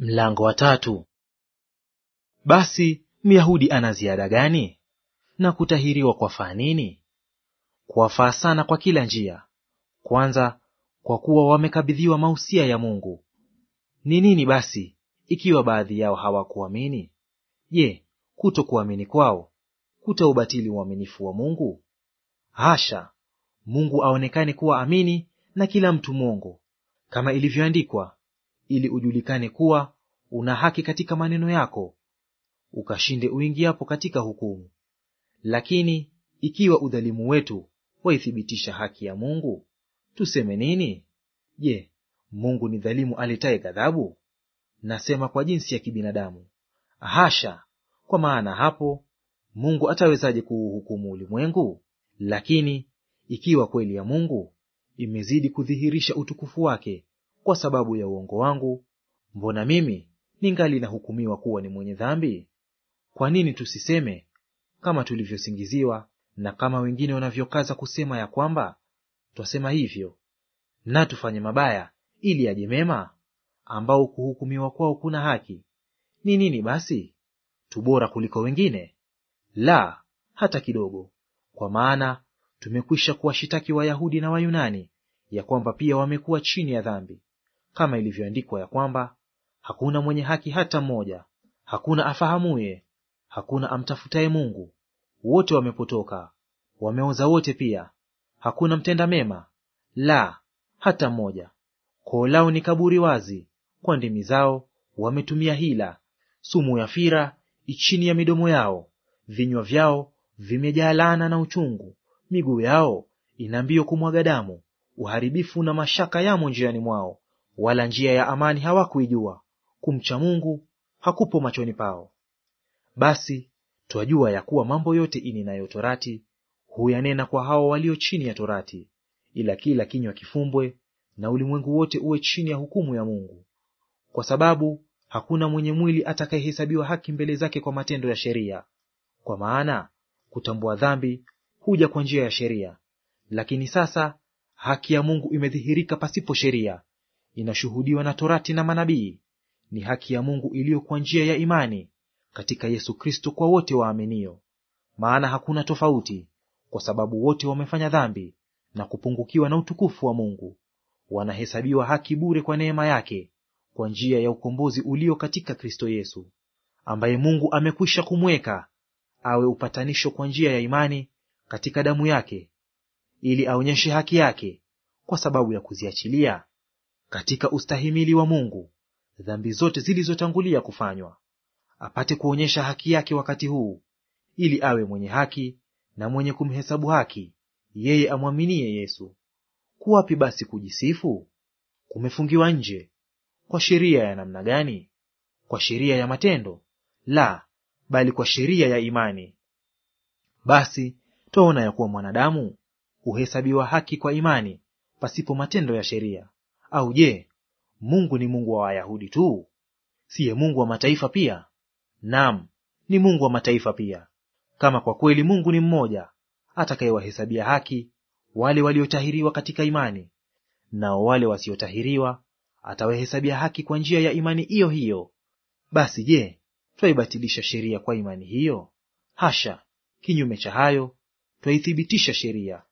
Mlango wa tatu. Basi Myahudi ana ziada gani? Na kutahiriwa kwafaa nini? Kuwafaa sana kwa kila njia. Kwanza, kwa kuwa wamekabidhiwa mausia ya Mungu. Ni nini basi ikiwa baadhi yao hawakuamini? Je, kutokuamini kwao kutaubatili uaminifu wa Mungu? Hasha! Mungu aonekane kuwa amini na kila mtu mwongo, kama ilivyoandikwa ili ujulikane kuwa una haki katika maneno yako, ukashinde uingiapo katika hukumu. Lakini ikiwa udhalimu wetu waithibitisha haki ya Mungu, tuseme nini? Je, Mungu ni dhalimu aletaye ghadhabu? Nasema kwa jinsi ya kibinadamu. Hasha! Kwa maana hapo Mungu atawezaje kuuhukumu ulimwengu? Lakini ikiwa kweli ya Mungu imezidi kudhihirisha utukufu wake, kwa sababu ya uongo wangu, mbona mimi ningali nahukumiwa kuwa ni mwenye dhambi? Kwa nini tusiseme kama tulivyosingiziwa na kama wengine wanavyokaza kusema ya kwamba twasema hivyo? Na tufanye mabaya ili yaje mema, ambao kuhukumiwa kwao kuna haki. Ni nini basi? tubora kuliko wengine? La, hata kidogo. Kwa maana tumekwisha kuwashitaki Wayahudi na Wayunani ya kwamba pia wamekuwa chini ya dhambi kama ilivyoandikwa ya kwamba hakuna mwenye haki hata mmoja, hakuna afahamuye, hakuna amtafutaye Mungu. Wote wamepotoka, wameoza wote pia, hakuna mtenda mema, la hata mmoja. Koo lao ni kaburi wazi, kwa ndimi zao wametumia hila, sumu ya fira ichini ya midomo yao, vinywa vyao vimejaa laana na uchungu, miguu yao ina mbio kumwaga damu, uharibifu na mashaka yamo njiani mwao, wala njia ya amani hawakuijua; kumcha Mungu hakupo machoni pao. Basi twajua ya kuwa mambo yote inenayo torati huyanena kwa hao walio chini ya torati, ila kila kinywa kifumbwe na ulimwengu wote uwe chini ya hukumu ya Mungu, kwa sababu hakuna mwenye mwili atakayehesabiwa haki mbele zake kwa matendo ya sheria. Kwa maana kutambua dhambi huja kwa njia ya sheria, lakini sasa haki ya Mungu imedhihirika pasipo sheria, inashuhudiwa na Torati na manabii, ni haki ya Mungu iliyo kwa njia ya imani katika Yesu Kristo kwa wote waaminio. Maana hakuna tofauti, kwa sababu wote wamefanya dhambi na kupungukiwa na utukufu wa Mungu, wanahesabiwa haki bure kwa neema yake kwa njia ya ukombozi ulio katika Kristo Yesu, ambaye Mungu amekwisha kumweka awe upatanisho kwa njia ya imani katika damu yake, ili aonyeshe haki yake kwa sababu ya kuziachilia katika ustahimili wa Mungu dhambi zote zilizotangulia kufanywa, apate kuonyesha haki yake wakati huu, ili awe mwenye haki na mwenye kumhesabu haki yeye amwaminie Yesu. Kuwapi basi kujisifu? Kumefungiwa nje. Kwa sheria ya namna gani? Kwa sheria ya matendo? La, bali kwa sheria ya imani. Basi twaona ya kuwa mwanadamu huhesabiwa haki kwa imani pasipo matendo ya sheria. Au je, Mungu ni Mungu wa Wayahudi tu? Siye Mungu wa mataifa pia? Naam, ni Mungu wa mataifa pia. Kama kwa kweli Mungu ni mmoja, atakayewahesabia haki wale waliotahiriwa katika imani, nao wale wasiotahiriwa atawahesabia haki kwa njia ya imani hiyo hiyo. Basi je, twaibatilisha sheria kwa imani hiyo? Hasha! Kinyume cha hayo, twaithibitisha sheria.